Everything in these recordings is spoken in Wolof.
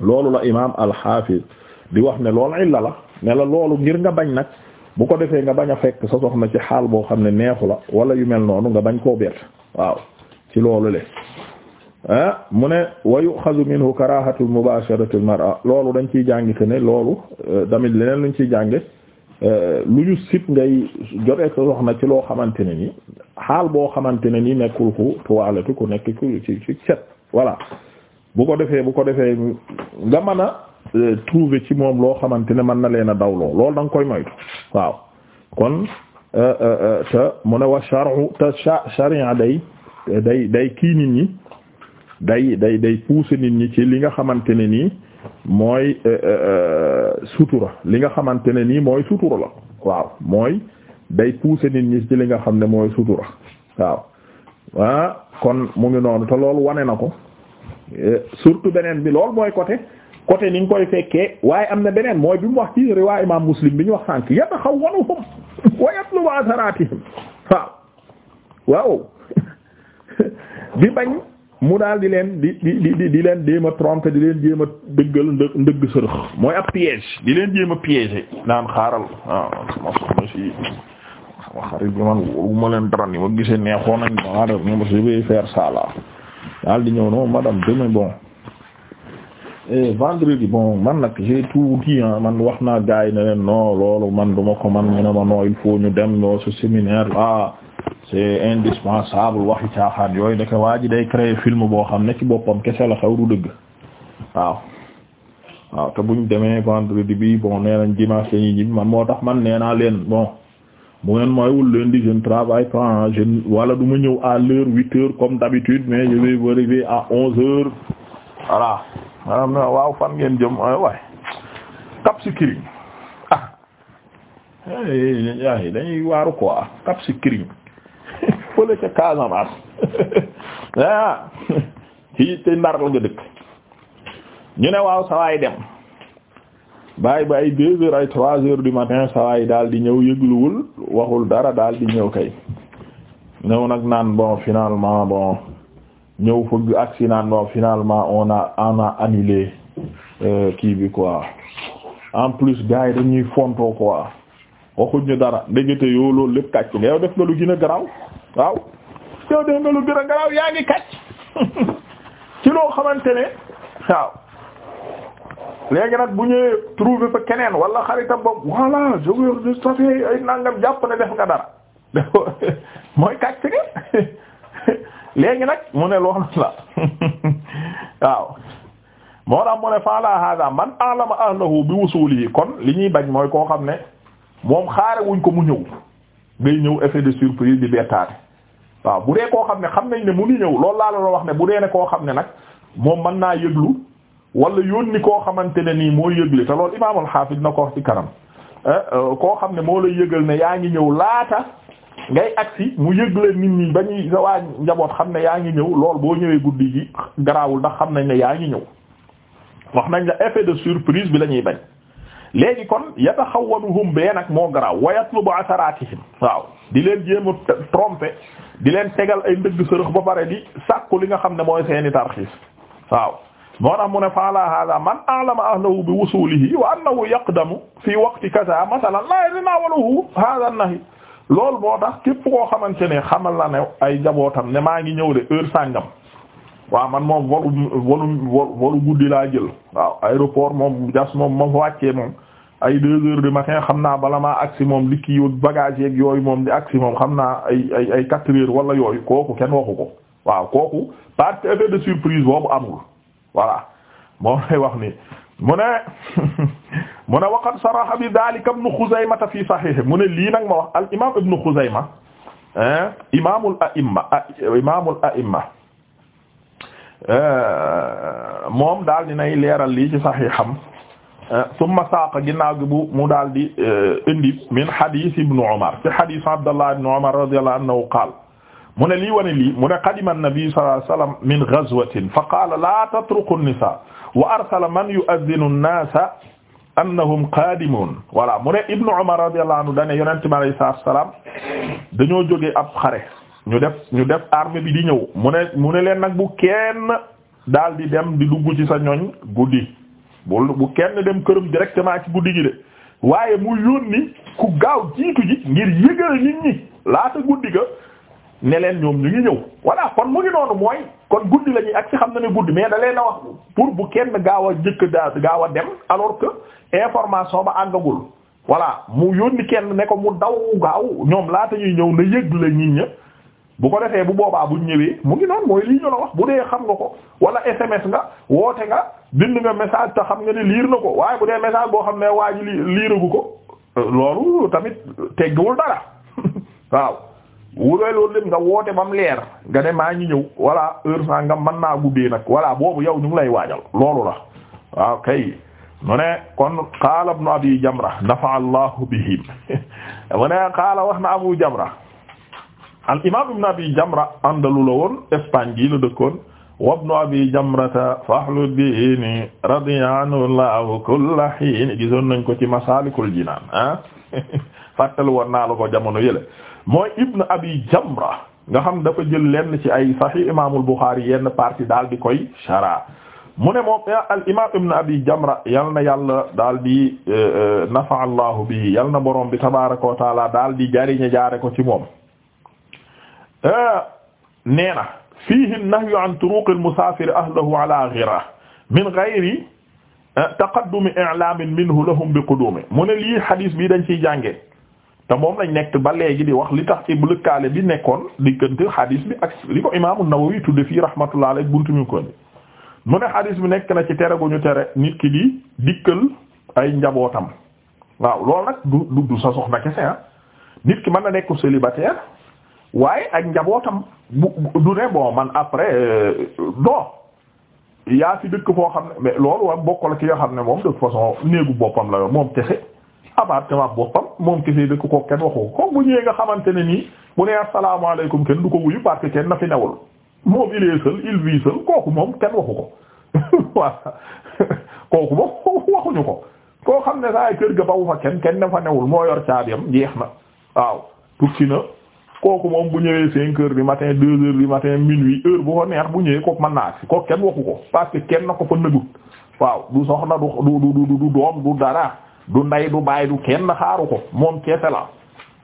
loolu la imaam alxaafiz di wax ne loolu ay lala ne la loolu ngir nga bañ nag bu ko defee nga bañ a fekk sa na ci xaal boo xam ne neexu la wala yu mel noonu nga bañ koo bett waaw ci loolu le ah mu ne wa yuxazu minhu karahatu mubasharati al mar'a loolu dañ ciy jàng te ne loolu tamit euh, leneen luñ ciy jànge euh, lu ñu sit ngay jotee sa soxna ci loo xamante ne nii xaal boo xamante ne nii nekkul ku tuwaletu ku nekk ku ci ci set voilà bu ko defee bu ko defee nga mën a euh, trouver ci moom loo xamante ne mën na leen a dawloo loolu danga koy moytu waaw kon euh, euh, te mu ne wa shar'u te sharia day day day kii nit ñi day day day pousser nit ñi ci li nga xamante ne nii mooy sutura li nga xamante ne nii mooy sutura waaw mooy day pousser nit ñi ci li nga xam ne mooy sutura waaw ah kon mu ngi noonu te loolu wane na ko Euh, surtout beneen bi loolu mooy côté côté ni nga koy fekkee waaye am na beneen mooy bi mu wax ci riwaa imam muslim bi wax sànk yatakhawwanuhum wa yatlubu atharatihim waaw waaw bi bañ mu daal di leen di di di di leen jéem a tromper di leen jéem a dëggal ndë ndëgg sërëx mooy ab piège di leen jéem a piéger naan xaaral waaw sama soxna si sama xarit bi man wóoruma leen dara ni ma gisee neexoon nañ ma def ni ma je vais faire ça daal di ñëw non madame demain bon vendredi bon man nag j'ai tout dit man wax naa gars yi ne leen non loolu man duma ko man ñu ne ma il faut ñu dem ñoo ce séminaire là c'est indispensable waxi caaxaan yooyu nekk waa ji day créer film boo xam ne ci boppam kese la xew du dëgg waaw waaw te buñ demee vendredi bi bon nee nañ dimanche ñibbi man moo tax man nee naa leen bon bu ngeen mooywul lundi je ne travaille pas je wala du ma ñëw à l'heure huit heures comme d'habitude mais je vais arriver à onze heures voilà maanaam na waaw fan ngeen jëm euh, waay Cap Skirring ah ay eh, eh, dañuy waaru quoi Cap Skirring fële ca Casamance ah ci te Ndar la nga ñu ne waaw sawaay dem bàyyi ba ay deux heures ay trois heures du matin sawaay daal di ñëw yëgluwul waxul dara daal di ñëw kay ñëw nag naan bon finalement bon ñëw fëgg agsi naan bon finalement on a on a annulé euh, kii bi quoi en plus gars yi dañuy fontoo quoi waxuñ dara ndegete yoo loolu lépp kàcc nga yow def nga lu gën garaaw waaw yaa ngi kàcc ci loo waaw léegi nag bu ñëwee trouver fa keneen wala xaritam bopp voilà je veux je savais ay nangam jàpp ne def nga dara mooy kàcc nga léegi nag mu ne loolu la waaw moo tax mu ne fala hada man alama ahlahu bi wusuuli kon li ñuy bañ mooy koo xam ne moom xaare wuñ ko mu ñëw ngay ñëw effet de surprise di bettaate waaw bu dee koo xam ne xam nañ ne mu ngi ñëw lool laa la wax ne bu dee ne koo xam ne nag moom mën naa yëglu wala yónni koo xamante ne nii moo yëgle te lool imaamul xaafis na ko wax ci kanam eh, euh, koo xam ne moo lay yëgal ne yaa ngi ñëw laata ngay agsi mu yëgle nit ñi ba ñuy sa waa njaboot xam ne yaa ngi ñëw lool boo ñëwee guddi gi garaawul ndax xam nañ ne yaa ngi ñëw wax nañ la effet de surprise bi la ñuy bañ léegi kon xaw yataxawwanuhum bee nag moo garaaw ba yatlubu asaratihim waaw di leen jéem trompe di leen tegal ay ndëgg sërëx ba pare di sàkku li nga xam ne mooy seeni waaw moo tax mu ne man ala hada man a'lama ahlahu bi wusulihi wa annahu yaqdamu fi waqti kaza masalan la yatanawalahu hada an-nahy loolu moo tax képp koo xamante ne xamal na ne ay njabootam ne maa ngi ñëw de heure sàngam waaw man moom volu volu guddi laa jël waaw aéroport moom jas moom ma fa wàccee moom ay deux heures du matin xam naa bala maa agsi moom li kii bagage yooyu moom di agsi moom xam naa ay ay ay quatre heures wala yooyu kooku kenn waxu ko waaw kooku par effet boobu amul voilà moom lay wax ni mu ne mu ne waqad saraha bi daalika ibnu Xuzaymata fi saxiix mu ne lii nag ma wax al imaam ibnu Xuzayma imaamul a'imma imaamul a'imma euh, moom daal di nay leeral lii ci saxiixam summa saaqa ginnaaw gi bu mu daal di euh, indi min xadiis ibnu Umar ci xadiis Abdallah ibnu Umar radiyallahu anhu qaala mu ne lii wane lii mu ne qadima an-nabi sallallahu alayhi wasallam min ghazwatin fa qaala laa tatruqu an-nisaa wa arsala man yu'adhdhinu an-naasa annahum qaadimuun voilà mu ne Ibnu Umar radiyallahu anhu dane yonent bi alayhi salaam dañoo jógee ab xare ñu def ñu def armée bi di ñëw mu ne mu ne leen nag bu kenn daal di dem di dugg ci sa ñoñ guddi bu bu dem këram directement ci guddi gi de waaye mu yónni ku gaaw jiitu ji ngir yëgal nit ñi laata guddi ga ne leen ñoom ñu ngi ñëw voilà kon mu ngi noonu mooy kon guddi la ñuy ak ci xam na ne guddi mais da leen a wax pour bu kenn gaaw a jëkk da gaaw a dem alors que information ba àggagul voilà mu yónni kenn ne ko mu daw gaaw ñoom laata ñuy ñëw na yëg la ñi ña bu ko defee bu boobaa buñ ñëwee mu ngi noonu mooy lii ñu la wax bu dee xam nga ko wala SMS nga woote nga bind nga message te xam nga ne liir na ko waaye bu dee message boo xam ne waa ji liiragu ko euh, loolu tamit teggiwul dara wuree loolu lépp nga woote ba mu leer nga ne maa ngi ñëw voilà heure saa nga nag voilà boobu yow ñu ngi lay waajal loolu la waaw kay mu ne kon qaala abi jamra nafa allahu bihim mu ne wax na abu jamra al imam ibnu abi jamra andalu abi jamrata fahlu diini radiya anhu allahu kulla hiin gisoon nañ ko ci masalikul jinaan ah fàttali woon la ko jamono yële mooy Ibn Abi Jamra nga xam dafa jël lenn ci ay Sahih Imaamul Bukhari yenn partie daal di koy shara mu ne moom al Ibn Abi Jamra yal na yàlla daal di eh, eh, nafa allahu bi yal na borom bi tabaaraka wa taala daal di jariñe jaare ko ci moom. Eh, nee na fiihi an-nahyu an turuqi al-musaafiri ahlahu min ghayri taqaddumi i'laamin minhu lahum bii dañ ciy jànge te moom lañ nekk ba léegi di wax li tax ci lëkkaale bi nekkoon diggante xadis bi ak li ko imaamu Nawawi tudde fii rahmatullah alayhi buntu ko ni mu ne xadis bi nekk na ci tere gu ñu tere nit ki di dikkal ay njabootam waaw loolu nag du du sa soxna kese ah nit ki mën na nekk célibataire waaye ak njabootam bu du ne bon man après euh, non yaa fi dëkk foo xam ne mais loolu wa bokk la ci yoo xam ne moom de façon néegu boppam la moom kese. appartement boppam moom kese dëkk ko kenn waxoo ko bu ñëwee nga xamante ne nii bu nee asalaamaaleykum kenn du ko wuyu parce que kenn na fi newul moom il est il vit seul kooku moom kenn waxu ko waaw kooku moom waxuñu ko koo xam ne saa kër ga bawu kenn kenn na fa moo yor caabiyam jeex na waaw tukki na kooku moom bu ñëwee cinq heures du matin deux heures du matin minuit heure bu ko neex bu ñëwee kooku mën naa agsi kooku kenn waxu ko parce kenn na ko fa nëgut waaw du soxna du du du du doom du dara. du nday du baay du kenn xaaru ko moom keese la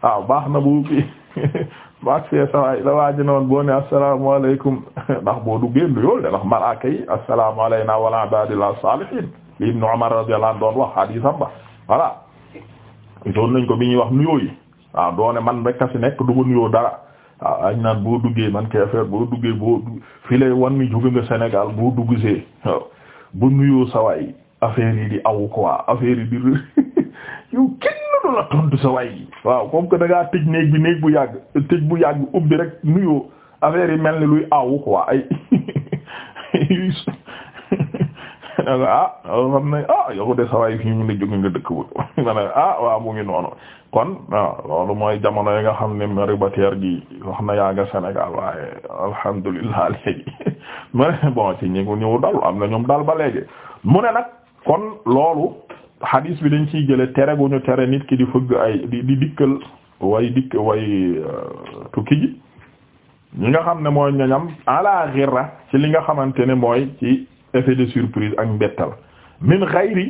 waaw baax na bu bi baax see sawaay la waa ji noon boo ne asalaamaaleykum ndax boo du génn yoolu de ndax malaaka assalaamu alayna wa ala ibadillah salihin li ibnu umar radiyallahu anhu doon wax hadiisam ba voilà nañ ko bi ñuy wax nuyoo yi waaw doone man rekk a fi nekk du ma nuyoo dara waaw añ naan boo duggee man kay boo duggee boo fi wan ni jóge nga Sénégal boo duggsee bu nuyoo sawaay affaire yi di aw quoi affaire yi di yow kenn du la tontu sa waay yi waaw comme que da tëj néeg bi néeg bu yàgg tëj bu yàgg ubbi rek nuyoo affaire yi mel ni luy aw quoi ay ah xam na ah, ah, noonu kon waaw loolu mooy jamono yi nga xam ne maribateer gi wax yaa nga Sénégal waaye alhamdulillah léegi ma ne ci ñi ngi ñëw dal am na ñoom dal ba léegi mu ne nag kon loolu hadis bi dañ ciy jële tere gu tere nit ki di fëgg ay di di dikkal way dikk way euh, tukki ji ñi nga xam ne mooy ñoñam ala ci li nga xamante ne mooy ci effet de surprise ak mbettal min ghayri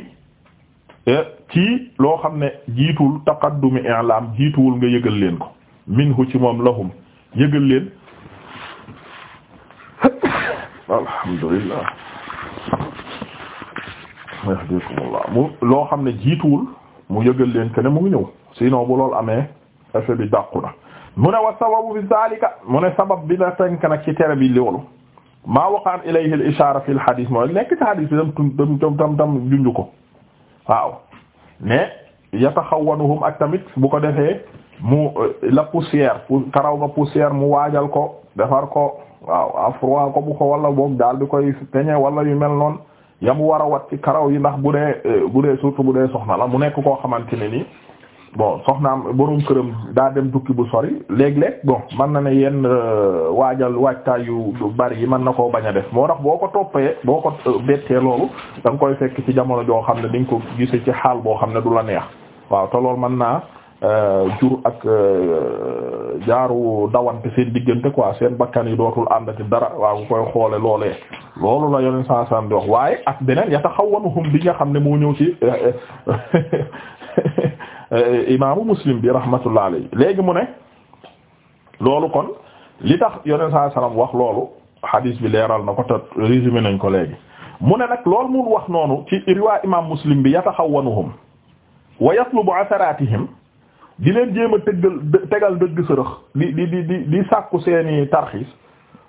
eh, ci loo xam ne jiituwul taqaddumi i'lam jiituwul nga yëgal leen ko minhu ci moom lahum yëgal leen alhamdulillah yahdikumullah mu loo xam ne jiituwul mu yëgal leen que ne mu ngi ñëw sinon bu loolu amee effet bi dàqu na mu ne wa sababu bi zalika mu ne sabab bi na tënk nag ci tere bi loolu maa waqaan ilayhi al ishaara fi al hadith mooy nekk ci hadith bi tam tam tam tam junj ko waaw mais yataxawwanuhum ak tamit bu ko defee mu eh, la poussière pour karaw nga poussière mu waajal ko defar ko waaw afro ko bu ko wala boog daal di koy peñe wala yu mel noonu. yam war a wat ci karaw yi ndax bu dee euh, bu dee surtout bu dee soxna la mu nekk koo xamante ne nii bon am borom këram daa dem dukki bu sori léeg-léeg bon man na ne yenn euh, waajal waajtaay yu bari yi mën na koo bañ a def moo tax boo ko toppee boo ko euh, bettee loolu da koy fekk ci jamono joo xam ne di ko gise ci xaal boo xam ne du la neex waaw te loolu mën naa Euh, jur ak euh, jaaru dawante seen diggante quoi seen bakkan yi dootul àndati dara waaw nga koy xoole loolee loolu la yeneen saa saa di wax waaye ak beneen yata xaw wanuhum bi nga xam ne moo ñëw ci euh, imaamu muslim bi rahmatullah alayhi léegi mu ne loolu kon li tax yeneen saa salaam wax loolu hadis bi leeral na ko te résumé nañ ko léegi mu ne nag loolu mun wax noonu ci riwaa imaam muslim bi yata xaw wanuhum wa yatlubu asaratihim di leen jéem a tëggal tegal dëgg sërëx di di di di di sàkku seeni tarxiis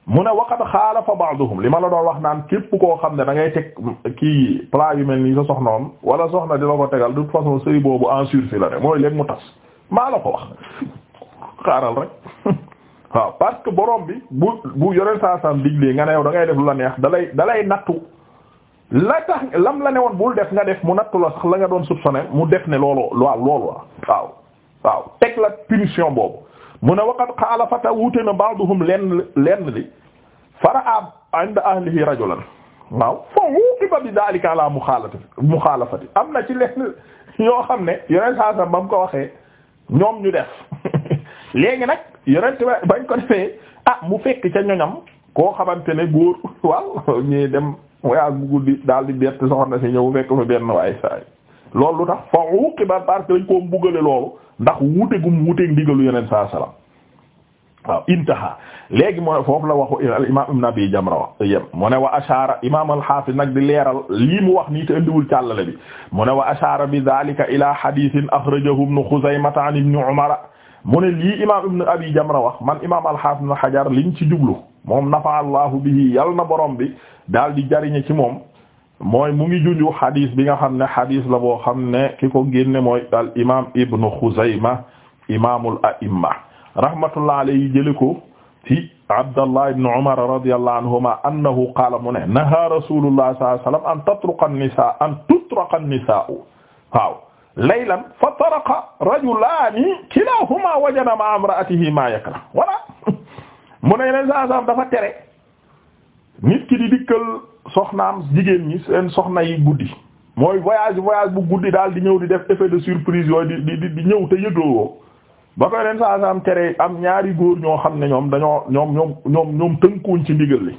mu ne waqad xaalafa ba'duhum li ma la doon wax naan képp koo xam ne da ngay teg kii plat yu mel nii sa soxnaam wala soxna di la ko tegal du toute façon sëy boobu en sursis la ne mooy léegi mu tas maa la ko wax xaaral rek waaw parce que borom bi bu bu yoreel saa diglee nga ne yow da ngay def lu la neex dalay dalay nattu la tax lam la ne woon bul def nga def mu nattu la sax la nga doon soupçonné mu def ne loolu waaw loolu waaw teg la punition boobu mu ne waqad xaalafata wuute na ba'duhum lenn lenn li fara'a rajo la rajulan waaw fa wuqiba bi daalika ala muxaalafati muxaalafati am na ci lenn yoo xam ne yeneen saa sax ba mu ko waxee ñoom ñu def léegi nag yeneen bañ ko defee ah mu fekk ca ñoñam koo xamante ne góor waaw ñuy dem waaye guddi daal di bett soxna si ñëw fekk fa benn waay saay loolu lu tax fa uqiba parce que dañ koo mbugale loolu ndax wute gum wuteeg ndigalu yeneen saa salaam waaw intaha léegi moo foofu la waxu al imam ibn abi jamra wax yem mu ne wa ashara imam al nag di leeral lii mu wax nii te indiwul càllale bi mu ne wa ashara bi dhalika ila hadithin akhrajahu ibn khuzaimah an ibn mo mu ne lii imam ibn abi jamra wax man imam al hafiz ibn hajar liñ ci jublu moom nafa allahu bihi yal na borom bi daal di jariñe ci moom mooy mu ngi junju xadis bi nga xam ne xadis la boo xam ne ki ko génne mooy al imam ibnu Xuzayma imamul a'imma rahmatullah alayhi jële ko ci Abdallah ibnu Umar radiyallahu anhuma annahu qaala mu ne naha rasulullah sallallahu alayhi wasallam an tatruqa an-nisaa an tutraqa an-nisaa waaw laylan fa taraqa rajulaani kilahuma wajada ma imraatihi ma yakra wala mu ne yeneen saa dafa tere nit ki di dikkal am jigéen ñi seen soxna yi guddi mooy voyage voyage bu guddi daal di ñëw di def effet de surprise yooyu di di di ñëw te yëgloo ba koy leen saa am tere am ñaari góor ñoo xam ne ñoom dañoo ñoom ñoom ñoom ñoom tënkuwuñ ci ndigal li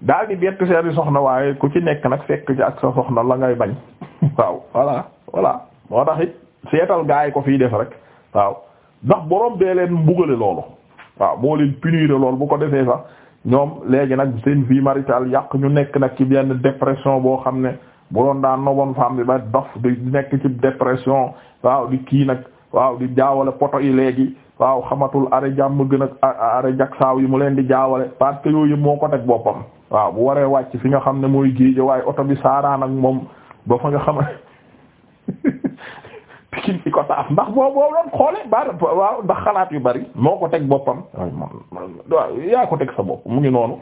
daal di bett yi soxna waaye ku ci nekk nag fekk ci ak sa soxna la ngay bañ waaw voilà voilà moo tax seetal gaa yi ko fiy def rek waaw ndax borom bee leen mbugale loolu waaw moo leen punir loolu bu ko defee sax ñoom léegi nag seen vie maritale yàq ñu nekk nag ci benn dépression boo xam ne bu doon daan noboon femme bi ba dof di nekk ci dépression waaw di kii nag waaw di jaawale poto yi léegi waaw xamatul are jàmm gën a are jak saaw yi mu leen di jaawale parce que yooyu moo ko teg boppam waaw bu waree wàcc fi nga xam ne mooy géej waaye oto bi saaraan ak moom ba fa nga xam pikin ko saaf ndax boo boo xoole ba ndax xalaat yu bari moo ko teg boppam waaw yaa ko teg sa bopp mu ngi noonu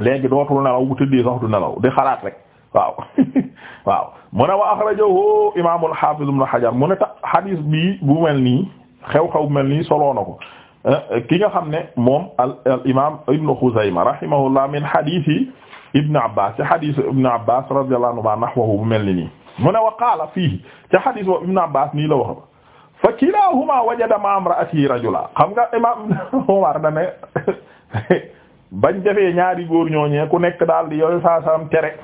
léegi dootul nelaw bu tëddee sax du nelaw di xalaat rek waaw waaw mu ne wa akhrajahu imaamul hafiz bu mel nii xew-xew bu mel nii soloo na ko eh, ki nga xam ne moom al imaam ibn Xuzayma rahimahullah min hadisi ibn Abbas ci hadisi ibn Abbas radiyallahu anhu nahwahu bu mel ni nii mu ne wax qaala fii ca hadis wa Ibn Abbas nii la wax fa kilahuma wajada ma imraatihi la xam nga imam Umar da ne bañ defee ñaari góor ñooñee ku nekk daal di yooyu saa saam tere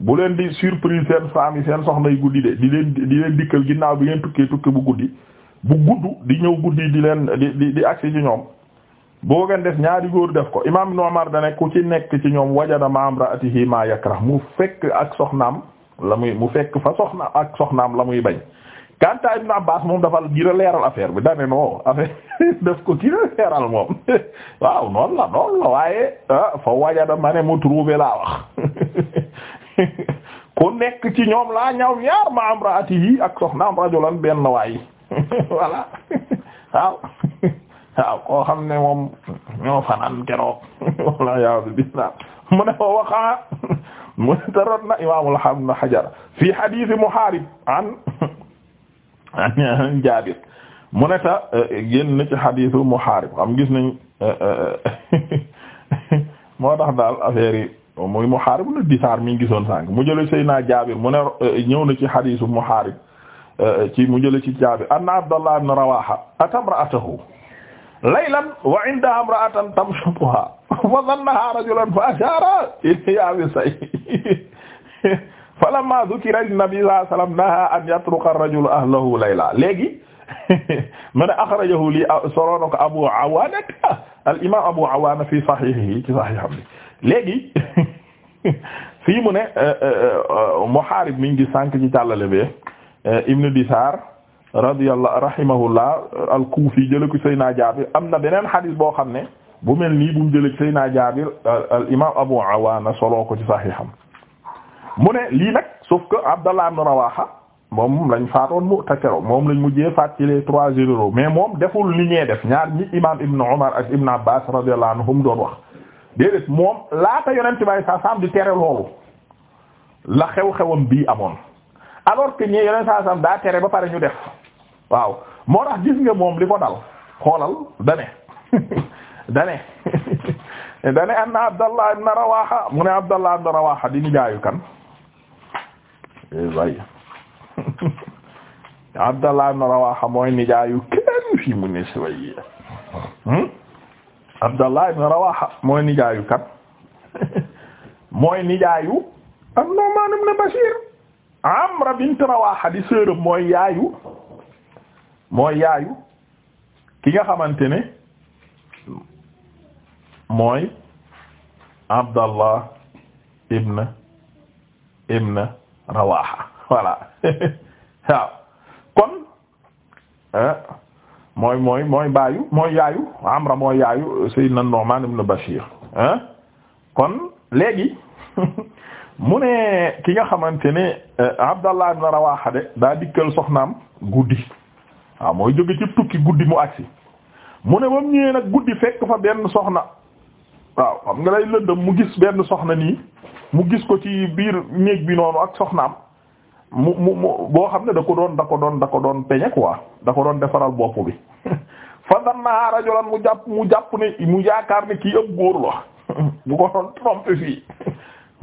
bu leen di surprise seen femme yi seen soxna yu guddi de di leen di leen dikkal bi ngeen tukkee tukki bu guddi bu gudd di ñëw guddi di leen di di di agsi ci ñoom boo gën def ñaari góor def ko imam Umar da ne ku ci nekk ci ñoom wajada ma imraatihi ma yakrah mu fekk ak soxnaam la muy mu fekk fa soxna ak soxnaam la muy bañ kanta Ibn Abbas moom dafa gën a leeral affaire bi dane no affaire daf ko gën a leeral moom waaw noonu la noonu la waaye ah, fa wajada ma ne mu trouvé laa wax ku nekk ci ñoom laa ñaw ñaar ma amraatihi ak soxnaam rajulan benn waay voilà waaw waaw koo xam ne moom ñoo fanaan keroog mu ne ko waxa mu tarot na imaamul ibn Hajar fi hadith Muharib an an Jaabir mu ne ta eh, eh, génn ci hadith Muharib xam gis nañ eh, moo tax daal affaire yi muy Muharib lu disaar mi ngi gisoon sànq mu jële Seydina Jaabir mu ne ñëw na ci hadith Muharib ci mu jële ci Jaabir anna Abdallah ibn Rawaha atamra'atahu laylan wa indaha imra'atan tamshutuha wa dhannaha rajulan fa ashara ilayha bi sayf falamma dhukira an-nabi sallallahu alayhi wasallam naha an yatruka ar-rajulu ahlahu layla léegi mu ne akhrajahu li solo na ko Abu Awaana al-imaam Abu Awaana fi sahihihi ci sahiham léegi fii mu ne eh, eh, eh, Muhaarib mi ngi sànq ci tallale be Ibn Disaar radiyallahu rahimahullah al-Kuufi jële ko Seydina Jaabir am na beneen hadis boo xam ne. bu mel nii bu mu jëlee Seydina Jaabir al imaam Abu Awaana soloo ko ci saxiixam mu ne lii nag sauf que Abdallah ibn Rawaha moom lañ faatoon mu takero moom lañ mujjee faat ci les trois généraux mais moom deful li ñee def ñaar ñi imaam Ibn Umar ak Ibn Abbas radiyallahu anhum doon wax déedéet moom laata yonent bay saa saam di tere loolu la xew-xewam bii amoon alors que ñee yonent saa saam daa tere ba pare ñu def waaw moo tax gis nga moom li dane eh, dane anna abdallah ibn rawaha mu ne abdallah ibn rawaha di nijaayu kan eh, way abdallah ibn rawaha mooy nijaayu kenn fi mu ne si way hmm? abdallah ibn rawaha mooy nijaayu kan mooy nijaayu an-nu'man ibn bashir amra bint rawaha di sœur mooy yaayu mooy yaayu ki nga xamante ne mooy Abdallah ibn ibn Rawaha voilà waaw kon eh, mooy mooy mooy baayu mooy yaayu Amra mooy yaayu Sayyidina Nu'man ibn Bashir eh. kon léegi mu ne ki nga xamante ne eh, Abdallah ibn Rawaha de daa dikkal soxnaam guddi waaw mooy jóge ci tukki guddi mu agsi mu ne ba mu ñëwee nag guddi fekk fa benn soxna waaw xam nga lay lëndëm mu gis benn soxna nii mu gis ko ci biir néeg bi noonu ak soxnaam mu mu mu boo xam ne da ko doon da ko doon da ko doon peñe quoi da ko doon defaral bopp bi fa danna rajulan mu jàpp mu jàpp ne mu yaakaar ne kii ëpp góor la bu ko doon trompé fii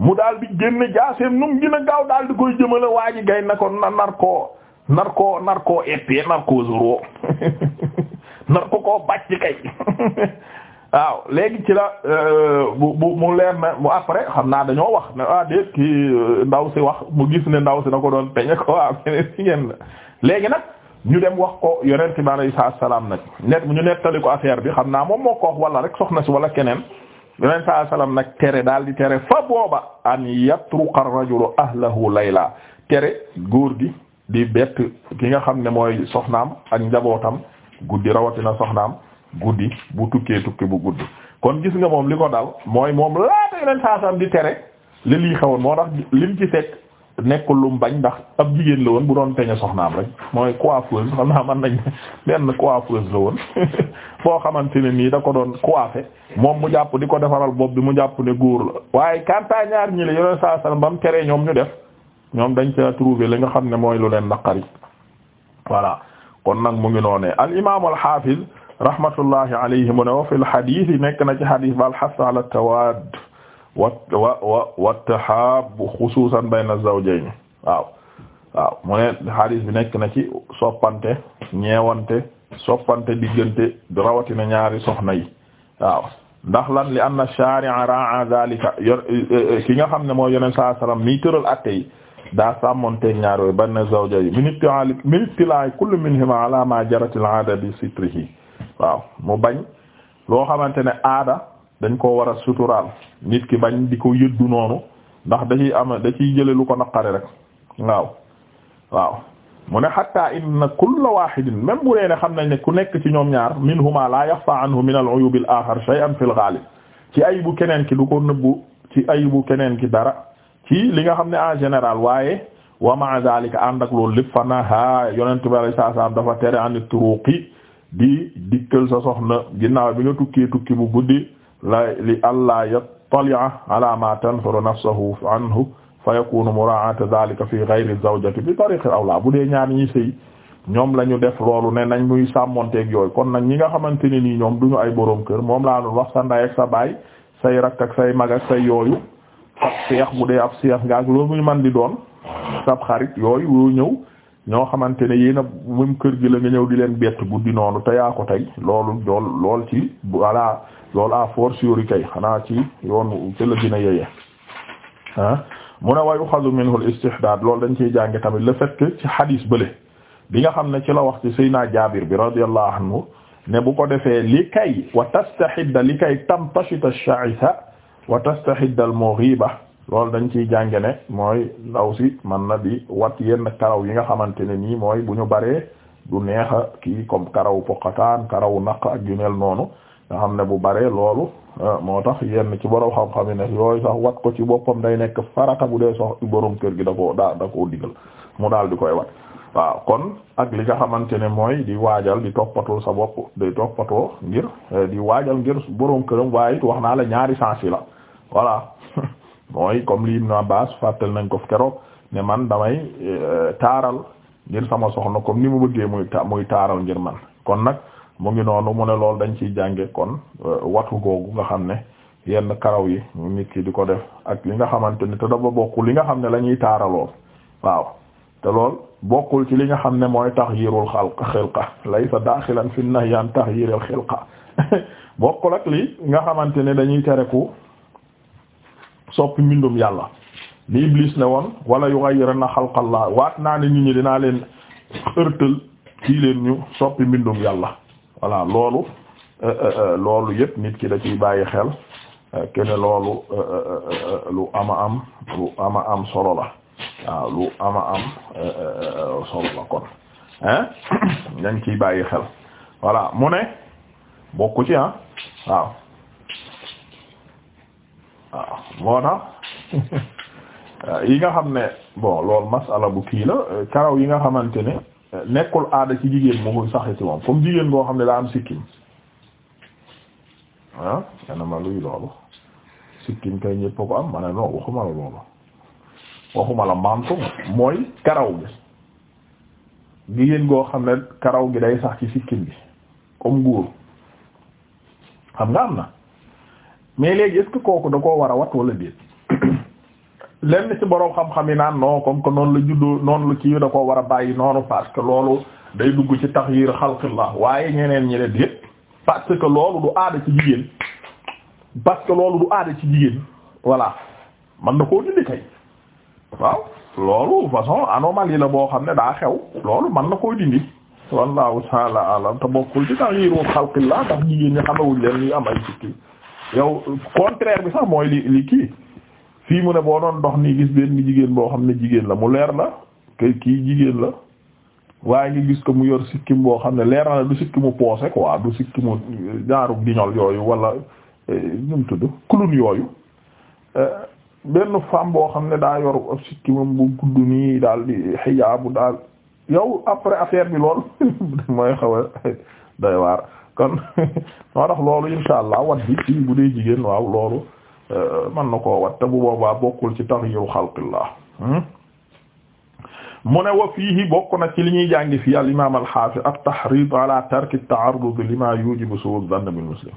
mu dal di génne jaaseem num gën a gaaw daal di koy jëmale waa ji gay na ko nar koo nar koo nar nar koo zoro nar ko koo bàcc kay waaw léegi ci la bu euh, bu mu leer na mu après xam naa dañoo wax ne ah ki kii euh, ndaw si wax mu gis ne ndaw si na ko doon peñe ko waaw meneen si léegi nag ñu dem wax ko yonent bi alayhi salaam nag net ñu nettali ko affaire bi xam naa moom moo ko wax wala rek soxna si wala keneen yonent salaam nag tere daal di tere fa booba an yatruqa ar-rajulu ahlahu layla tere góor gi di bett ki nga xam ne mooy soxnaam ak njabootam guddi rawatina soxnaam guddi bu tukkee tukki bu guddi kon gis nga moom li ko dal mooy moom laata yeneen saasam di tere li lii xawoon moo tax li ci fekk nekkul lu bañ ndax ab jigéen la woon bu doon peñe soxnaam rek mooy coiffeuse xam naa man nañ benn coiffeuse la woon boo xamante ne nii da ko doon coiffé moom mu jàpp di ko defaral bopp bi mu jàpp ne góor la waaye kantaa ñaar ñi la yeneen saasam ba mu teree ñoom ñu def ñoom dañ ca trouver li nga xam ne mooy lu leen naqari rahmatullahi alayhi mu ne wa fil xadis yi nekk na ci xadis ba alxas ala tawaad wa wa wa tahaab xusuusan bayna zawjayn waaw waaw mu ne xadis bi nekk na ci soppante ñeewante soppante diggante rawatina ñaari soxna yi waaw ndax lan li anna shari'a ra'a zalika yor eh, eh, ki nga xam ne moo yoneen saa salaam mi tëral atte yi daa sàmmonteeg ñaar yooyu banna zawja yi min ittila'i kullu minhuma ala ma jarat al 'ada bi sitrihi waaw mu bañ loo xamante ne aada dañ koo war a suturaal nit ki bañ di ko yëddu noonu ndax da ciy am da ciy jële lu ko naqari rek waaw waaw mu ne hatta inna kulla wahidin même bu dee xam nañ ne ku nekk ci ñoom ñaar minhuma la yaxfa anhu min al uyub al akhar shay'an fil ghalib ci ay ayibu keneen ki du ko nëbbu ci bu keneen ki dara ci li nga xam ne en général waaye wa ma'a zalika ànd ak loolu lépp fa naha yonent bi sallallahu alayhi wasallam dafa tere an turuqi di dikkal sa soxna ginnaaw bi nga tukkee tukki bu guddi la li alla yattali'a ala ma tanfuru nafsuhu anhu fa yakunu mura'ata dhalika fi ghayri zawjati bi aw awla bu dee ñaar ñi sëy ñoom la ñu def loolu ne nañ muy sàmmonteeg yooyu kon nag ñi nga xamante ne nii ñoom duñu ay boroom kër moom laa doon wax sa ndey ak sa baay say rakk ak say mag ak say yooyu ak seex bu dee ab seex nga ak loolu muy man di doon sab xarit yooyu yoo ñëw ñoo xamante ne yéen a même kër gi la nga ñëw di leen bett guddi noonu te yaa loolu lool lool ci voilà lool à force yori kay xanaa ci yoon ci la dina yeyee ah mu ne wayu xazu minhu al istihdaad loolu dañ ciy jànge tamit le fait que ci hadis bële bi nga xam ne ci la wax ci sayna Jaabir bi radiyallahu anhu ne bu ko defee li kay wa tastahidda li kay tamtashita ash-sha'itha wa tastahidda al-mughiba loolu dañ ciy jànge ne mooy ndaw si man na di wat yenn karaw yi nga xamante ne nii mooy bu ñu baree du neexa kii comme karaw pokataan karaw naq ak yu mel noonu nga xam ne bu baree loolu euh, moo tax yenn ci borom xam-xam yi ne yooyu sax wat ko ci boppam day nekk farata bu dee sox borom kër gi da ko daa da koo digal mu daal di koy wat waaw kon ak li nga xamante ne mooy di waajal di toppatoo sa bopp di toppatoo ngir euh, di waajal ngir borom këram waaye wax naa la ñaari sens yi la voilà mooy comme li Ibn Abbas fàttal nañ ko fi keroog ne man damay euh, taaral ngir sama soxna comme ni mu bëggee muy ta muy taaral ngir man kon nag mu ngi noonu mu ne loolu dañ ciy jànge kon euh, watu googu nga xam ne yenn karaw yi nit ki di ko def ak li nga xamante ne te dafa bokkul li nga xam ne la ñuy waaw te lool bokkul ci li nga xam ne mooy tax taxyirul xalq xilqa laysa daaxilan fi nahyan taxyirul xilqa bokkul ak li nga xamante ne dañuy tereku soppi mbindum yàlla li Iblis ne woon wala yughayyiranna xalqallah waat naa ne ñu ñi dinaa leen ërtal kii leen ñu soppi mbindum yàlla voilà loolu euh, euh, euh, loolu yëpp nit ki da ciy bàyyi xel kene loolu lu ama am lu ama am solo la waaw lu ama am solo la kon hein ña ngi ciy bàyyi xel voilà mu ne bokku ci ah waaw moo tax yi nga xam ne bon loolu masala bu kii la karaw yi nga xamante ne nekkul aada ci jigéen mu ngi saxe comme jigéen boo xam ne daa am sikkim ah yana ma luy loolu sikkim kay ñëpp ko am ma ne non waxuma la loolu waxuma mooy karaw gi jigéen goo xam ne karaw gi day sax ci sikkim bi comme góor xam nga am na mais léegi est kooku da koo war a wat wala déet lenn ci boroom xam-xam yi naan non comme que noonu la juddoo noonu la kii da koo war a bàyyi noonu parce que loolu day dugg ci taxyiir xalqillah waaye ñeneen ñi ne déet parce que loolu du aada ci jigéen parce que loolu du aada ci jigéen voilà man na koo dindi kay waaw loolu façon anomalie la boo xam ne daa xew loolu man na koo dindi wallahu taala alam te bokkul ci taxyiiru xalqillah tax jigéen ñi am ay yow contraire bi sax mooy li li kii fii mu ne boo doon dox nii gis benn jigéen boo xam ne jigéen la mu leer la kay kii jigéen la waaye ngi gis ko mu yor sikkim boo xam ne leer na la du sikki mu poose quoi du sikki mu euh, jaaru giñol yooyu wala ñu euh, tudd kulun yooyu euh, benn femme boo xam ne daa yor sikkimam bu gudd nii daal di xijaabu daal yow après affaire bi lool mooy xaw a waar kon moo tax loolu insha allah wat bi ci bu dee jigéen waaw loolu euh, man na ko wat te bu boobaa bokkul ci taxyiru xalqillah hmm? mu ne wa fiihi bokk na ci li ñuy jàngi fii al imam al hafiz at-tahrid ala tarki at-ta'arrud lima yujibu su'u dhann muslim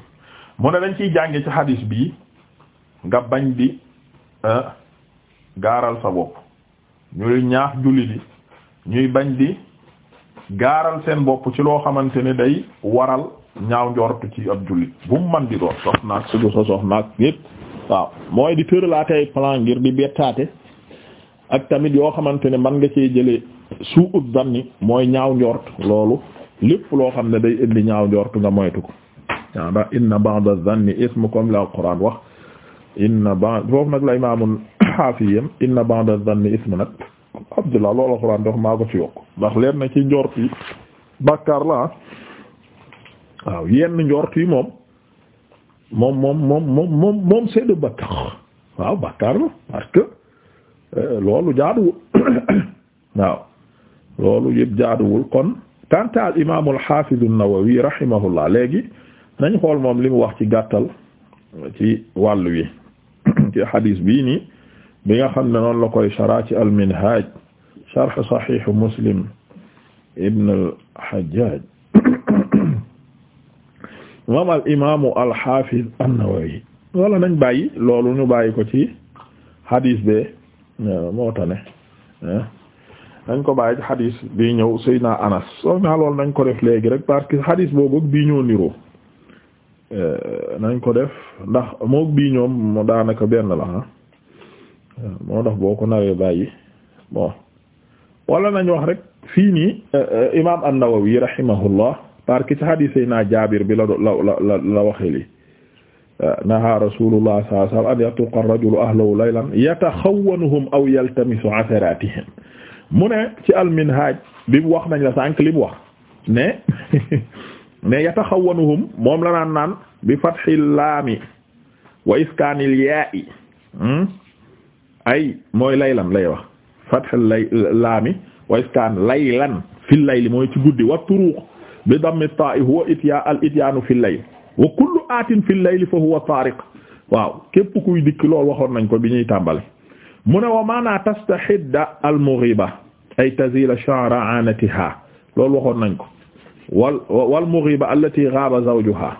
mu ne dañ ciy jànge ci hadis bi nga bañ di euh, gaaral sa bopp ñuy ñaax julli di ñuy bañ di gaaral seen bopp ci loo xamante ne day waral ñaaw njort ci ab jullit bu mu man di doon soxnaak sudu sa soxnaak yépp waaw mooy di tëralaate ay plan ngir di bettaate ak tamit yoo xamante ne man nga cee jëlee suu ut zanni mooy ñaaw njort loolu lépp loo xam ne day indi ñaaw njort nga moytu ko waaw ndax inna ba'da zanni ismu comme la alquran wax inna ba'd foofu nag la imaamul xaafiyam inna ba'da zanni ismu nag abdullah loolu alquran dox maa ko ci yokk ndax leer na ci njort yi bàkkaar la ah. waaw yenn njort yi moom moom moom moom moom moom moom c'est de bàkkaar waaw bàkkaar euh, loolu jaaduwul waaw loolu yëpp jaaduwul kon tantaal imaam al-Hafiz an-Nawawi léegi nañ xool moom li mu wax ci gàttal ci wàll wi ci bii nii bi nga xam ne noonu la koy shara ci al-Minhaj sharh Sahih Muslim ibn al-Hajjaj moom al imaamu al xaafiz an-Nawawi wala nañ bàyyi loolu ñu bàyyi ko ci hadis be euh, moo tax ne nañ ko bàyyi ci hadis bi ñëw Seydina Anas soo naa loolu nañ ko def léegi rek parce que hadis boobu bii ñoo niroo euh, nañ ko def ndax mook bii ñoom mu daanaka benn la ah moo tax boo ko nawee bàyyi bon wala nañ wax rek fii nii euh, imaam an-Nawawi rahimahullah parce que ci hadis yi Jaabir bi la la la la waxee lii naha rasulullah sallallahu alayhi wa sallam an yatuqa ar-rajulu ahlahu laylan yatakhawwanuhum aw yaltamisu atharatihim mu ne ci al-Minhaj bi wax nañ la sànq li mu wax ne ne yatakhawwanuhum moom la naan naan bi fathil laami wa iskanil yaa'i hmm? ay mooy laylan lay wax fathil lay laami wa iskan layli mooy ci guddi wa turuq bi dammi ta'i huwa itya al ityaanu fi layl wa kullu aatin fi layli fa huwa taariq waaw képp kuy dikk lool waxoon nañ ko bi ñuy tàmbale mu ne wa maana tastahidda al mughiba ay tazila sha'ra aanatiha loolu waxoon nañ ko wal wal mughiba allati ghaaba zawjuha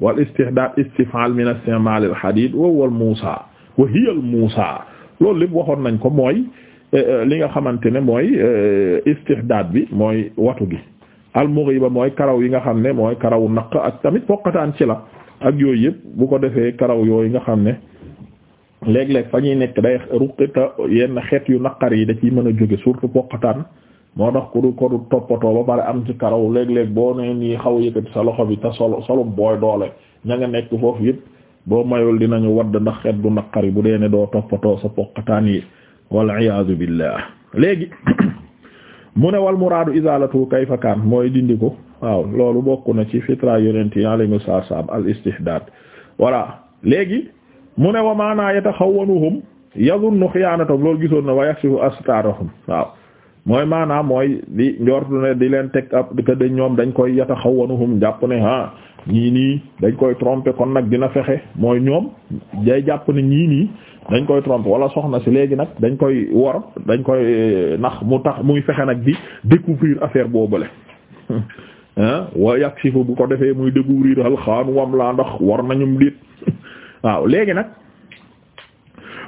wal istihdaad istif'aal min isti'maal al hadiid wa huwa al muusaa loolu lépp waxoon nañ ko mooy eh, eh, li nga xamante ne mooy eh, istihdaad bi mooy watu gi al-mughiba mooy karaw yi nga xam ne mooy karawu naq ak tamit poqataan ci la ak yooyu yëpp bu ko defee karaw yooyu nga xam ne léeg-léeg fa ñuy nekk day ruqita yenn xeet yu naqar yi da ci mën a jóge surtout poqataan moo tax ku du ko du toppatoo ba pare am ci karaw léeg boo nee nii xaw yëkkati sa loxo bi te solo solum booy doole ña nga nekk foofu yëpp boo mayul dinañu wadd ndax xeet bu naqar yi bu dee ne doo toppatoo sa poqataan yi wal iyaadu billah léegi mu ne wal muraadu izaalatu kayfa kaan mooy dindi ko waaw loolu bokk na ci fitra yonent yi alayhimu salaam al istihdaad voilà léegi mu ne wa maanaa yataxawwanuhum yazunnu xiyaanatahum loolu gisoon na wa yakshifu astaarahum waaw mooy maanaam mooy di njortu ne di leen teg ab que de ñoom dañ koy yataxawwanuhum jàpp ne ah ñii nii dañ koy tromper kon nag dina fexe mooy ñoom day jàpp ne ñii nii. dañ koy tromper wala soxna si léegi nag dañ koy wor dañ koy eh, nax mu tax muy fexe nag di découvrir affaire boobale wa yakshifu bu ko defee muy découvrir alxaan wam laa ndax war nañum dit waaw léegi nag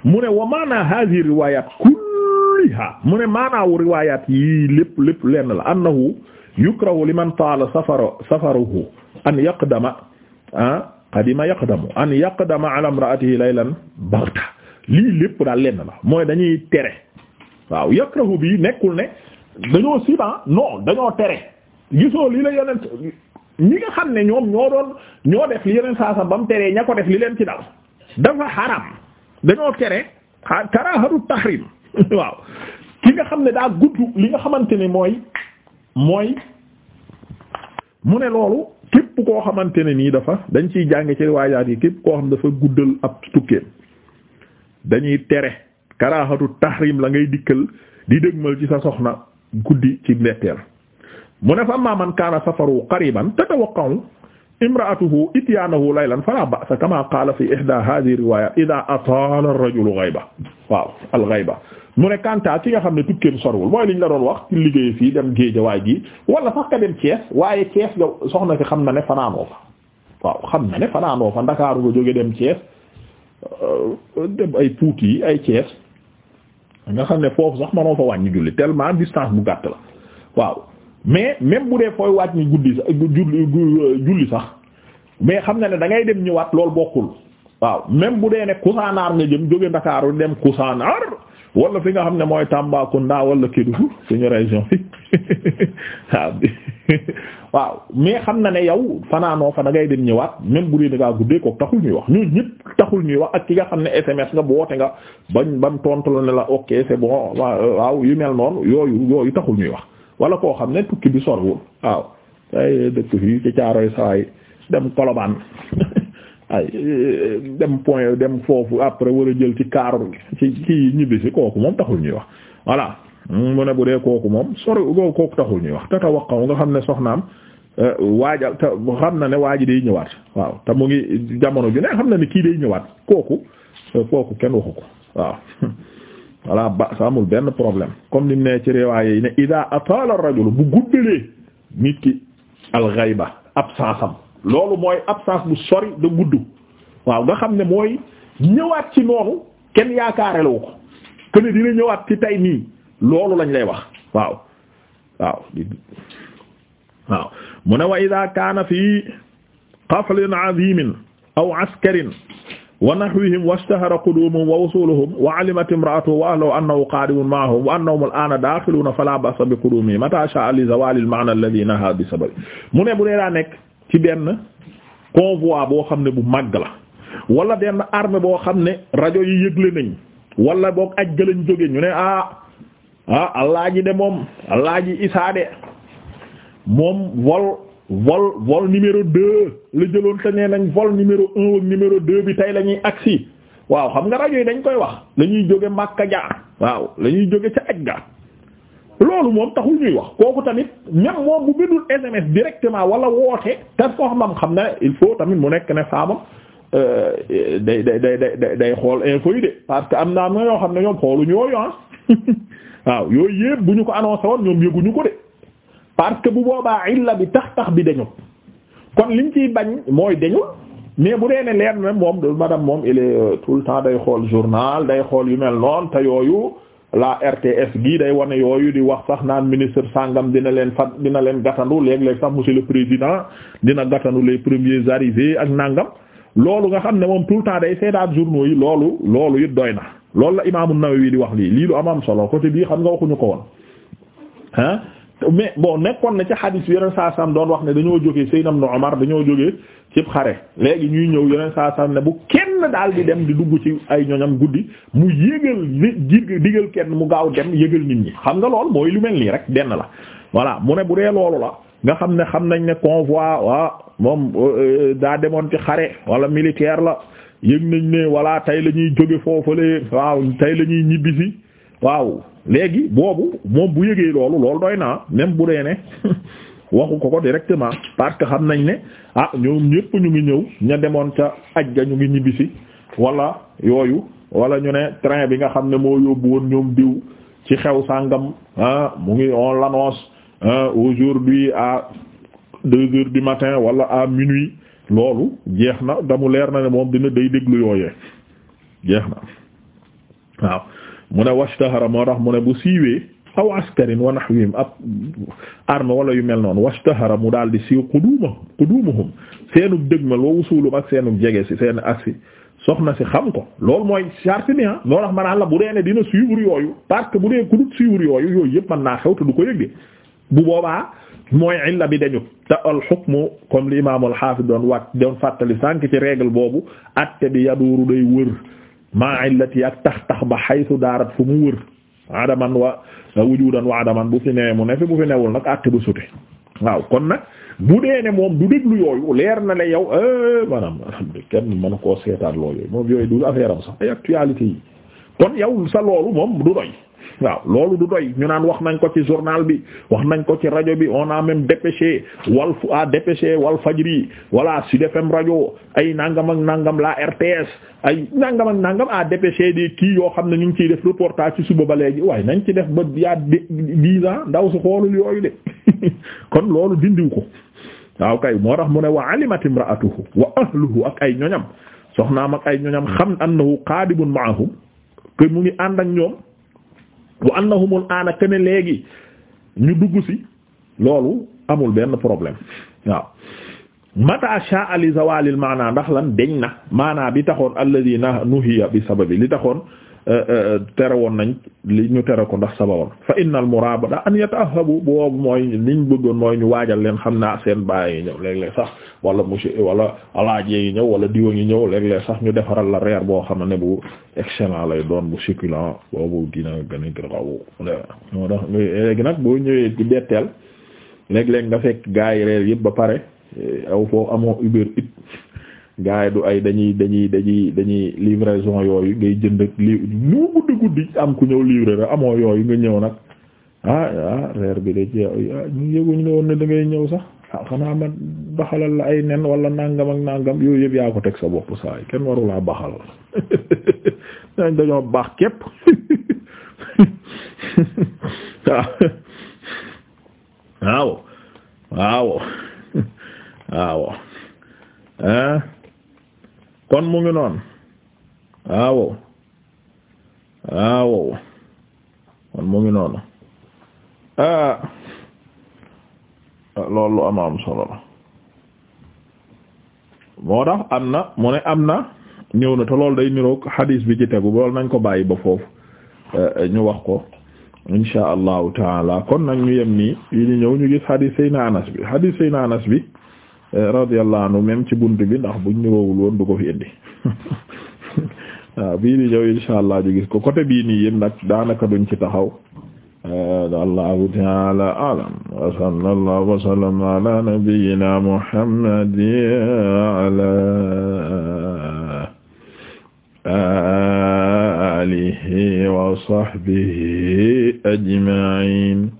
mu ne wa maana hadhihi riwayat kulliha mu ne maanaawu riwayat yi lépp lépp lenn la annahu yukrahu liman taala safara safaruhu an yaqdama ah qadima yaqdamu an yaqdama ala imraatihi laylan baghta lii lépp daal lenn la mooy dañuy tere waaw yakrahu bi nekkul ne dañoo siban non dañoo tere gisoo lii la yonent ñi nga xam ne ñoom ñoo doon ñoo def li yeneen saa sa ba mu teree ña ko def li leen ci dal dafa xaram dañoo tere karahatu tahrim waaw ki nga xam ne daa gudd li nga xamante ne mooy mooy mu ne loolu képp koo xamante ne nii dafa dañ ciy jànge ci waajaat yi képp koo xam dafa guddal ab tukkeem dañuy tere karaaxatu tahrim la ngay dikkal di dégmal ci sa soxna guddi ci mbetteel mu ne fa amma man kaana safaru qariban tatawaqqa'u imra'atuhu ityaanahu laylan fala ba'sa kama qaala fi ihda hadhihi riwaya idha atala ar-rajulu ghayba waaw al-ghayba mu ne kanta ki nga xam ne tukkeem sorwul mooy liñ la doon wax ci liggéey fii dem géejawaay gi wala sax ka dem Thiès waaye Thiès nga soxna si xam na ne fanaanoo fa waaw xam na ne fanaanoo fa Ndakaaru Euh, dem ay Pout yi ay Thiès nga xam ne foofu sax manoo fa wàññi julli tellement distance bu gàtt la waaw mais même bu dee fooy wàññi guddi sax julli euh, julli sax mais xam nga ne da ngay dem ñëwaat loolu bokkul waaw même bu dee ne Kousanaar nga jëm jóge Ndakaaru dem Kousanaar wala fi nga xam ne mooy Tambacounda wala Kédougou suñu région bi waaw mais xam na ne yow fanaanoo fa da ngay dem ñëwaat même bu dee da ngaa guddee ko taxul ñuy wax ñun ñëpp taxul ñuy wax ak ki nga xam ne SMS nga woote nga bañ bam tontu la ne la ok c'est bon waaw yu mel noonu yooyu yooyu taxul ñuy wax wala koo xam ne tukki bi sorwul waaw ay dëkk fii ci caaroy sawaay dem Colobane ay eh, eh, dem point dem foofu après war a jël ci kaar ci kii ñibbi si kooku moom taxul ñuy wax voilà hmm, mu ne bu dee kooku moom sori kooku taxul ñuy wax te tawaqaw nga xam ne soxnaam eh, waajal te xam na ne waa ji ñëwaat waaw te mu ngi jamono ju ne xam na ne kii day ñëwaat kooku kooku kenn waxu ko waaw voilà ba sa amul benn problème comme ni mu ci riwaaye yi ne ida atala ar-rajul bu guddalee nit ki al-ghayba absence am loolu mooy absence bu sori du gudd waaw nga xam ne mooy ñëwaat ci noonu kenn yaakaarelewu ko que ne dina ñëwaat ci tey nii loolu lañ lay wax waaw waaw ne wa ida kaana fi qaflin azimin aw askarin wa nahwihim washtahara qudumuhum wa wusuluhum wa alimat imra'atuhu wa ahluhu annahu qadimun ma'ahum wa annahum al'ana dakhiluna fala ba'sa bi qudumihim mata sha'a li zawali al-ma'na alladhi naha bi sababi mu ne bu dee daa nekk ci benn convoi boo xam ne bu màgg la wala benn arme boo xam ne rajo yi yëgle nañ wala boog ajga lañ jóge ñu ne ah ah yi de moom laaj yi de moom vol vol vol numéro deux la jëloon te nee nañ vol numéro un ak numéro deux bi tey la ñuy agsi waaw xam nga rajo yi dañ koy wax lañuy jóge màkk ja waaw lañuy ñuy jóge ca aj ga loolu moom taxul ñuy wax kooku tamit même moom bu bindul SMS directement wala woote te koo xam xam ne il faut tamit mu nekk ne saamam euh, day day day day day xool info yi de parce que am naa am na yoo xam ne ñoom xooluñu yooyu ah waaw yooyu yëpp bu ñu ko annoncé woon ñoom yëguñu ko de parce que bu boobaa illa bi tax tax bi dañu kon liñ ciy bañ mooy dañu mais bu dee ne leer na moom madame moom il euh, tout le temps day xool journal day xool yu mel noonu te yooyu. la RTS gii day wane yooyu di wax sax naan ministre sangam dina leen fat dina leen gàttandu leeg léeg sax si le président dina gàttandu les premiers arrivés ak nangam loolu nga xam ne moom tout le temps day seetaat journaux yi loolu loolu it doy na loolu la imaamu wii di wax lii lii lu am am solo côté bii xam nga waxuñu ko woon ah mais bon nekkoon na ci xadis bi saa sam doon wax ne dañoo jógee Seydina Ibn Umar dañoo jógee cib xare léegi ñuy ñëw yeneen saa sam ne bu kenn daal di dem di dugg ci ay ñoñam guddi mu yëgal di digal kenn mu gaaw dem yëgal nit ñi xam nga lool mooy lu mel nii rek denn la. voilà mu ne bu dee loolu la nga xam ne xam nañ ne convoi ah moom euh, daa demoon ci xare wala militaire la yëg nañ ne voilà tey la ñuy jóge foofule waaw tey la ñuy ñibbisi. waaw léegi boobu moom bu yëgee loolu loolu doy naa même bu dee ne waxu ko ko directement parce que xam nañ ne ah ñoom ñëpp ñu ngi ñëw ña demoon ca aj ga ñu ngi ñibbisi wala yooyu wala ñu ne train bi nga xam ne moo yóbbu woon ñoom diw ci xew sàngam ah mu ngi on l'annonce ah, aujourd'hui à deux heures du matin wala à minuit loolu jeex na damu leer na ne moom dina day déglu yooyee jeex na waaw mu ne washtahara moo tax mu ne bu siiwee aw askarin wa nahwihim ab arme wala yu mel wa washtahara mu daal di siiw quduma qudumuhum seenub dëgmal wa wusulum ak seenub jege si seen aksi soxna si xam ko loolu mooy charte ni ah noo tax ma naan la bu dee ne dina suivre yooyu parce que bu dee ku dul yooyu yooyu yëpp mën naa xew te du ko yëg bu boobaa mooy illa bi dañu te al hukmu comme l'imam al hafiz doon wat doon fàttali sànk ci règle boobu atte bi yaduuru day maa illati ak tax tax ba xaytu daarat fu mu wër adaman wa wujudan wa adaman bu fi newee mu ne fi bu fi newul nag àtte ba sute waaw kon nag bu dee ne moom du déglu yooyu leer na la yow eh, maanaam maanaam kenn manu ko seetaan loo yooyu moom yooyu du affaire am sax ay actualité yi kon yow sa loolu moom du doy waaw loolu du doy ñu naan wax nañ ko ci journal bi wax nañ ko ci rajo bi on a même dépêché Walf a ah, dépêché Walf Fadjri voilà Sud FM rajo ay nangam ak nangam la RTS ay nangam nangam a ah, dépêché di kii yoo xam ne ñu ngi ciy def reportage ci suba ba léegi waaye nañ ci def ba yaa dix ans ndaw su xoolul yooyu de kon loolu dindiw ko waaw kay moo tax mu ne wa alimat imraatuhu wa ahluhu ak ay ñoñam soxnaam ak ay ñoñam xam annahu qaadibun maahum que mu ngi ànd ak ñoom wa annahumul aana kene léegi ñu dugg ci loolu amul benn problème waaw mata sha'a li zawalil maana ndax lan deñ na maana bi taxoon alladhi nuhiya bi sababi li taxoon Euh, euh, tere woon nañ li ñu tere ko ndax sababoon fa innal murabada an yatahabu boobu mooy liñ bëggoon mooy ñu waajal leen xam naa seen bàyyi ñëw léeg-léeg sax wala monsieur wala alaajee yi ñëw wala diwa ngi ñëw léeg-léeg sax ñu defaral la reer boo xam ne bu excellent lay doon bu succulent boobu dina gën a garaw moo tax léegi nag boo ñëwee ci betteel léeg-léeg nga fekk gaa yi reer yëpp ba pare eh, aw foofu amoo Uber it gars du ay dañuy dañuy dañuy dañuy livraison yooyu ngay jënd li mu guddi guddi am ku ñëw livrer rek amoo yooyu nga ñëw nag ah ah reer bi de ci ah ñu yëguñ la ne da ñëw sax ah xanaa ma baxalal la ay nen wala nangam ak nangam yooyu yëpp yaa ko teg sa bopp saa yi kenn warulaa baxalal dañ dañoo baax képp ah. waaw waaw waaw ah. kon mu ngi noonu waaw waaw kon mu ngi noonu ah, ah loolu am am solo la moo tax am na mu ne am na ñëw na te loolu day niroog xadiis bi ci tegu loolu nañ ko bàyyi ba foofu eh, ñu wax ko insha allahu taala kon nag ñu yem nii yi ñu ñëw ñu gis xadiis sayna anas bi xadiis sayna anas bi radiyallahu anhu même ci bunt bi ndax buñ ñëwul woon du ko fi indi waaw bii di ñëw insha allah ñu gis ko côté bii nii yéen nag daanaka duñ ci taxaw allahu taala alam wa sallallahu wa sallam ala nabiyyina muhammad ala alihi wa sahbihi ajma'in